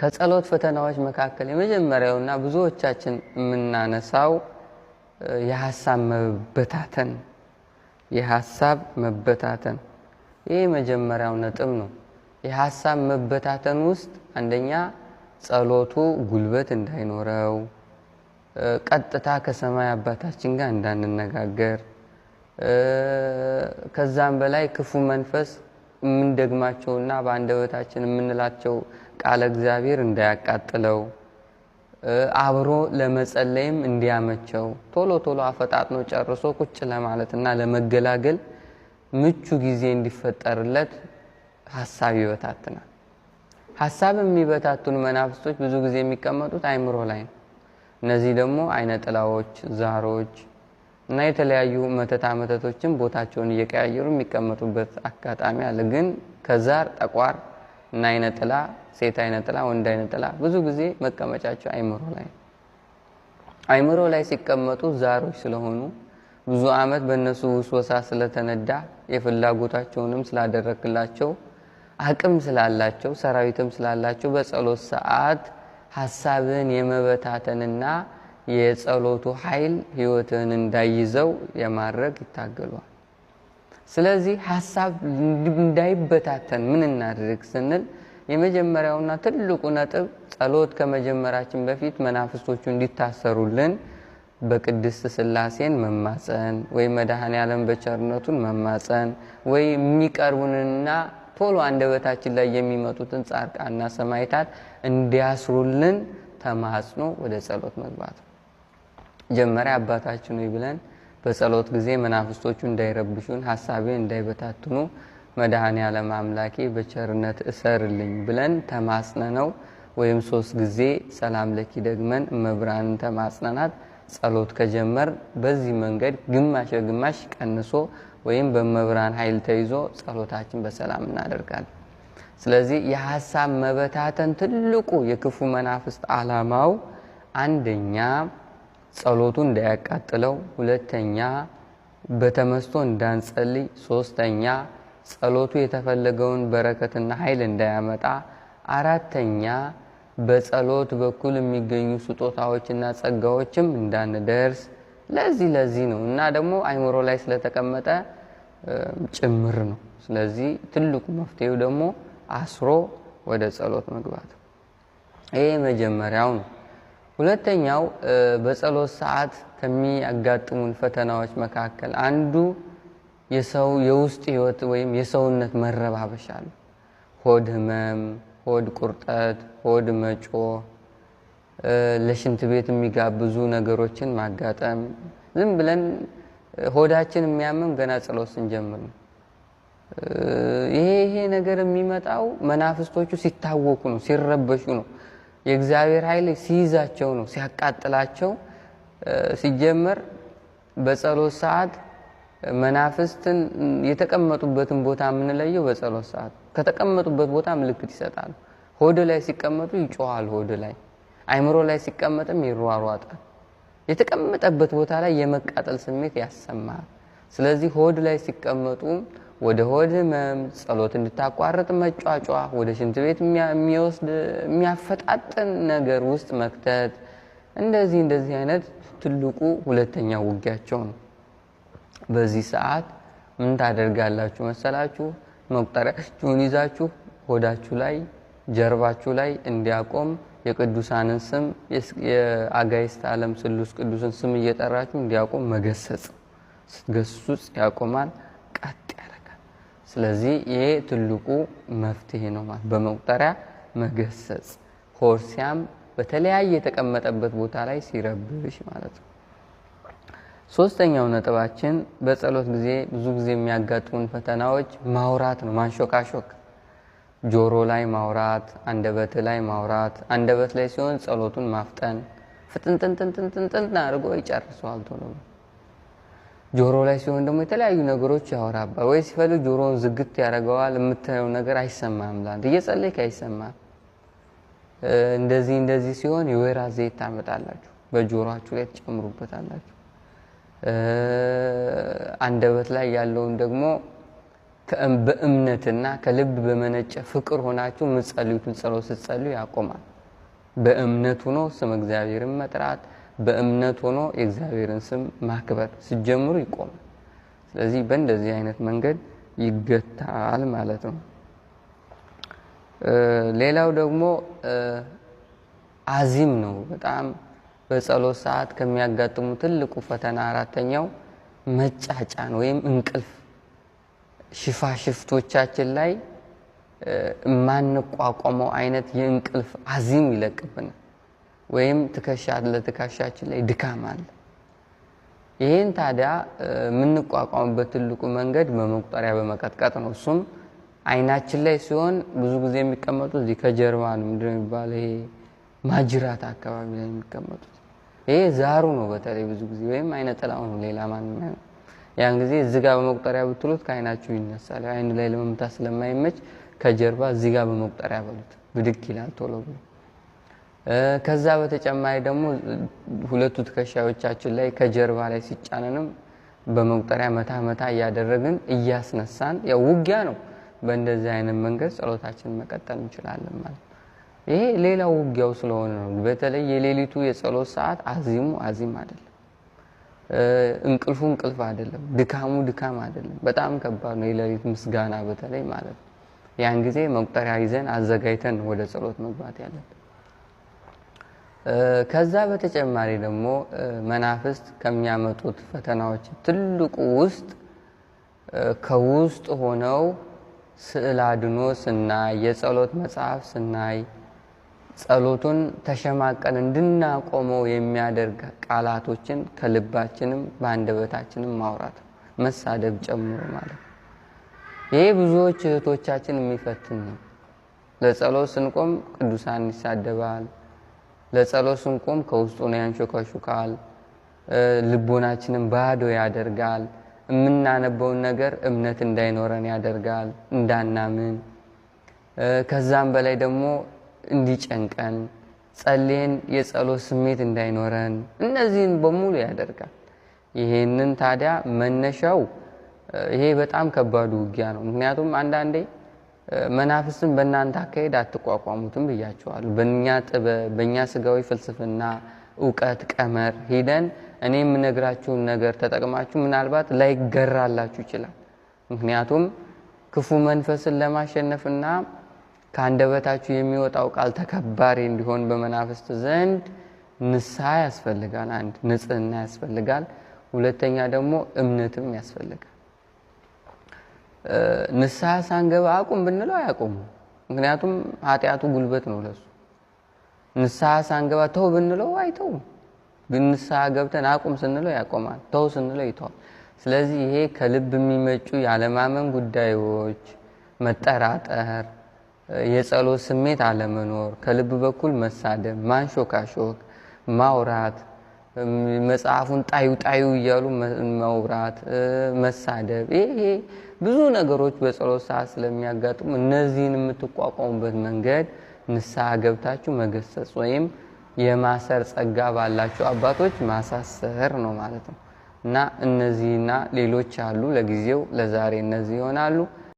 ከጸሎት ፈተናዎች መካከል የመጀመሪያውና ብዙዎቻችን የምናነሳው የሀሳብ መበታተን የሀሳብ መበታተን ይህ የመጀመሪያው ነጥብ ነው። የሀሳብ መበታተን ውስጥ አንደኛ ጸሎቱ ጉልበት እንዳይኖረው፣ ቀጥታ ከሰማይ አባታችን ጋር እንዳንነጋገር፣ ከዛም በላይ ክፉ መንፈስ የምንደግማቸውና በአንደበታችን የምንላቸው ቃለ እግዚአብሔር እንዳያቃጥለው አብሮ ለመጸለይም እንዲያመቸው ቶሎ ቶሎ አፈጣጥኖ ጨርሶ ቁጭ ለማለት እና ለመገላገል ምቹ ጊዜ እንዲፈጠርለት ሀሳብ ይበታትናል። ሀሳብ የሚበታቱን መናፍስቶች ብዙ ጊዜ የሚቀመጡት አይምሮ ላይ ነው። እነዚህ ደግሞ አይነ ጥላዎች፣ ዛሮች እና የተለያዩ መተታ መተቶችን ቦታቸውን እየቀያየሩ የሚቀመጡበት አጋጣሚ አለ። ግን ከዛር ጠቋር እና አይነ ጥላ ሴት አይነ ጥላ፣ ወንድ አይነ ጥላ ብዙ ጊዜ መቀመጫቸው አይምሮ ላይ አይምሮ ላይ ሲቀመጡ ዛሮች ስለሆኑ ብዙ አመት በእነሱ ውስወሳ ስለተነዳ የፍላጎታቸውንም ስላደረግላቸው አቅም ስላላቸው ሰራዊትም ስላላቸው በጸሎት ሰዓት ሀሳብን የመበታተንና የጸሎቱ ኃይል ህይወትን እንዳይዘው የማድረግ ይታገሏል። ስለዚህ ሀሳብ እንዳይበታተን ምን እናድርግ ስንል የመጀመሪያውና ትልቁ ነጥብ ጸሎት ከመጀመራችን በፊት መናፍስቶቹ እንዲታሰሩልን በቅድስት ስላሴን መማፀን ወይ መድኃኔ ዓለም በቸርነቱን መማፀን ወይ የሚቀርቡንና ቶሎ አንደበታችን ላይ የሚመጡትን ጻድቃንና ሰማይታት እንዲያስሩልን ተማጽኖ ወደ ጸሎት መግባት ጀመሪያ አባታችን ሆይ ብለን በጸሎት ጊዜ መናፍስቶቹ እንዳይረብሹን፣ ሀሳቤን እንዳይበታትኑ መድኃኔ ዓለም አምላኬ በቸርነት እሰርልኝ ብለን ተማጽነነው ወይም ሶስት ጊዜ ሰላም ለኪ ደግመን እመብርሃንን ተማጽነናት ጸሎት ከጀመር በዚህ መንገድ ግማሽ በግማሽ ቀንሶ ወይም በመብራን ኃይል ተይዞ ጸሎታችን በሰላም እናደርጋለን። ስለዚህ የሀሳብ መበታተን ትልቁ የክፉ መናፍስት ዓላማው አንደኛ ጸሎቱ እንዳያቃጥለው፣ ሁለተኛ በተመስቶ እንዳንጸልይ፣ ሶስተኛ ጸሎቱ የተፈለገውን በረከትና ኃይል እንዳያመጣ፣ አራተኛ በጸሎት በኩል የሚገኙ ስጦታዎችና ጸጋዎችም እንዳንደርስ ለዚህ ለዚህ ነው እና ደግሞ አይምሮ ላይ ስለተቀመጠ ጭምር ነው። ስለዚህ ትልቁ መፍትሄው ደግሞ አስሮ ወደ ጸሎት መግባት ይሄ መጀመሪያው ነው። ሁለተኛው በጸሎት ሰዓት ከሚያጋጥሙን ፈተናዎች መካከል አንዱ የሰው የውስጥ ህይወት ወይም የሰውነት መረባበሻ ነው። ሆድ ህመም፣ ሆድ ቁርጠት፣ ሆድ መጮ፣ ለሽንት ቤት የሚጋብዙ ነገሮችን ማጋጠም። ዝም ብለን ሆዳችን የሚያምም ገና ጸሎት ስንጀምር ነው። ይሄ ይሄ ነገር የሚመጣው መናፍስቶቹ ሲታወቁ ነው፣ ሲረበሹ ነው፣ የእግዚአብሔር ኃይል ሲይዛቸው ነው፣ ሲያቃጥላቸው ሲጀመር በጸሎት ሰዓት መናፍስትን የተቀመጡበትን ቦታ የምንለየው በጸሎት ሰዓት ከተቀመጡበት ቦታ ምልክት ይሰጣሉ። ሆድ ላይ ሲቀመጡ ይጮኋል። ሆድ ላይ አይምሮ ላይ ሲቀመጥም ይሯሯጣል። የተቀመጠበት ቦታ ላይ የመቃጠል ስሜት ያሰማል። ስለዚህ ሆድ ላይ ሲቀመጡ ወደ ሆድ ህመም፣ ጸሎት እንድታቋርጥ መጫጫ፣ ወደ ሽንት ቤት የሚወስድ የሚያፈጣጥን ነገር ውስጥ መክተት፣ እንደዚህ እንደዚህ አይነት ትልቁ ሁለተኛ ውጊያቸው ነው። በዚህ ሰዓት ምን ታደርጋላችሁ መሰላችሁ? መቁጠሪያችሁን ይዛችሁ ሆዳችሁ ላይ ጀርባችሁ ላይ እንዲያቆም የቅዱሳንን ስም የአጋይስት ዓለም ስሉስ ቅዱስን ስም እየጠራችሁ እንዲያቆም መገሰጽ። ስትገስጹ ያቆማል፣ ቀጥ ያደርጋል። ስለዚህ ይሄ ትልቁ መፍትሄ ነው ማለት በመቁጠሪያ መገሰጽ። ሆድ ሲያም በተለያየ የተቀመጠበት ቦታ ላይ ሲረብሽ ማለት ነው። ሶስተኛው ነጥባችን በጸሎት ጊዜ ብዙ ጊዜ የሚያጋጥሙን ፈተናዎች ማውራት ነው፣ ማንሾካሾክ። ጆሮ ላይ ማውራት፣ አንደበት ላይ ማውራት። አንደበት ላይ ሲሆን ጸሎቱን ማፍጠን ፍጥንጥንጥንጥንጥንጥን አድርጎ ይጨርሰዋል ቶሎ። ጆሮ ላይ ሲሆን ደግሞ የተለያዩ ነገሮች ያወራባል፣ ወይ ሲፈልግ ጆሮውን ዝግት ያደርገዋል። የምታየው ነገር አይሰማም፣ ላንተ እየጸለይክ አይሰማም። እንደዚህ እንደዚህ ሲሆን የወይራ ዘይት ታመጣላችሁ፣ በጆሮችሁ ላይ ትጨምሩበታላችሁ። አንደበት ላይ ያለውን ደግሞ በእምነትና ከልብ በመነጨ ፍቅር ሆናችሁ የምትጸልዩትን ጸሎት ስትጸልዩ ያቆማል። በእምነት ሆኖ ስም እግዚአብሔርን መጥራት፣ በእምነት ሆኖ የእግዚአብሔርን ስም ማክበር ሲጀምሩ ይቆማል። ስለዚህ በእንደዚህ አይነት መንገድ ይገታል ማለት ነው። ሌላው ደግሞ አዚም ነው በጣም በጸሎት ሰዓት ከሚያጋጥሙ ትልቁ ፈተና አራተኛው መጫጫን ወይም እንቅልፍ ሽፋሽፍቶቻችን ላይ የማንቋቋመው አይነት የእንቅልፍ አዚም ይለቅብን ወይም ትከሻ ለትከሻችን ላይ ድካም አለ። ይህን ታዲያ የምንቋቋምበት ትልቁ መንገድ በመቁጠሪያ በመቀጥቀጥ ነው። እሱም አይናችን ላይ ሲሆን ብዙ ጊዜ የሚቀመጡት እዚህ ከጀርባ ነው። ምንድን ነው የሚባለው? ይሄ ማጅራት አካባቢ ላይ የሚቀመጡት ይሄ ዛሩ ነው። በተለይ ብዙ ጊዜ ወይም አይነ ጥላው ነው። ሌላ ማንም ያን ጊዜ እዚህ ጋር በመቁጠሪያ ብትሉት ከአይናችሁ ይነሳል። አይን ላይ ለመምታት ስለማይመች ከጀርባ እዚህ ጋር በመቁጠሪያ በሉት፣ ብድግ ይላል ቶሎ ብሎ። ከዛ በተጨማሪ ደግሞ ሁለቱ ትከሻዮቻችን ላይ ከጀርባ ላይ ሲጫነንም በመቁጠሪያ መታ መታ እያደረግን እያስነሳን ያው ውጊያ ነው። በእንደዚህ አይነት መንገድ ጸሎታችንን መቀጠል እንችላለን ማለት ይሄ ሌላው ውጊያው ስለሆነ ነው። በተለይ የሌሊቱ የጸሎት ሰዓት አዚሙ አዚም አይደለም። እንቅልፉ እንቅልፍ አይደለም። ድካሙ ድካም አይደለም። በጣም ከባድ ነው። የሌሊት ምስጋና በተለይ ማለት ነው። ያን ጊዜ መቁጠሪያ ይዘን አዘጋጅተን ወደ ጸሎት መግባት ያለብን። ከዛ በተጨማሪ ደግሞ መናፍስት ከሚያመጡት ፈተናዎች ትልቁ ውስጥ ከውስጥ ሆነው ስዕል አድኖ ስናይ የጸሎት መጽሐፍ ስናይ ጸሎቱን ተሸማቀን እንድናቆመው የሚያደርግ ቃላቶችን ከልባችንም በአንደበታችንም ማውራት መሳደብ ጨምሮ ማለት ይሄ ይህ ብዙዎች እህቶቻችን የሚፈትን ነው። ለጸሎት ስንቆም ቅዱሳን ይሳደባል። ለጸሎት ስንቆም ከውስጡን ያንሾካሹካል። ልቦናችንን ባዶ ያደርጋል። የምናነበውን ነገር እምነት እንዳይኖረን ያደርጋል፣ እንዳናምን ከዛም በላይ ደግሞ እንዲጨንቀን ጸልየን የጸሎት ስሜት እንዳይኖረን እነዚህን በሙሉ ያደርጋል። ይሄንን ታዲያ መነሻው ይሄ በጣም ከባዱ ውጊያ ነው። ምክንያቱም አንዳንዴ መናፍስን በእናንተ አካሄድ አትቋቋሙትም ብያቸዋሉ። በእኛ ጥበብ፣ በእኛ ስጋዊ ፍልስፍና፣ እውቀት ቀመር ሂደን እኔ የምነግራችሁን ነገር ተጠቅማችሁ ምናልባት ላይገራላችሁ ይችላል። ምክንያቱም ክፉ መንፈስን ለማሸነፍና ከአንደበታችሁ የሚወጣው ቃል ተከባሪ እንዲሆን በመናፍስት ዘንድ ንስሐ ያስፈልጋል። አንድ ንጽህና ያስፈልጋል። ሁለተኛ ደግሞ እምነትም ያስፈልጋል። ንስሐ ሳንገባ አቁም ብንለው አያቆሙ። ምክንያቱም ኃጢአቱ ጉልበት ነው ለሱ። ንስሐ ሳንገባ ተው ብንለው አይተው፣ ግን ንስሐ ገብተን አቁም ስንለው ያቆማል፣ ተው ስንለው ይተዋል። ስለዚህ ይሄ ከልብ የሚመጩ ያለማመን ጉዳዮች መጠራጠር የጸሎት ስሜት አለመኖር፣ ከልብ በኩል መሳደብ፣ ማንሾካሾክ፣ ማውራት፣ መጽሐፉን ጣዩ ጣዩ እያሉ መውራት መሳደብ፣ ይሄ ብዙ ነገሮች በጸሎት ሰዓት ስለሚያጋጥሙ እነዚህን የምትቋቋሙበት መንገድ ንስሐ ገብታችሁ መገሰጽ ወይም የማሰር ጸጋ ባላችሁ አባቶች ማሳሰር ነው ማለት ነው እና እነዚህና ሌሎች አሉ። ለጊዜው ለዛሬ እነዚህ ይሆናሉ።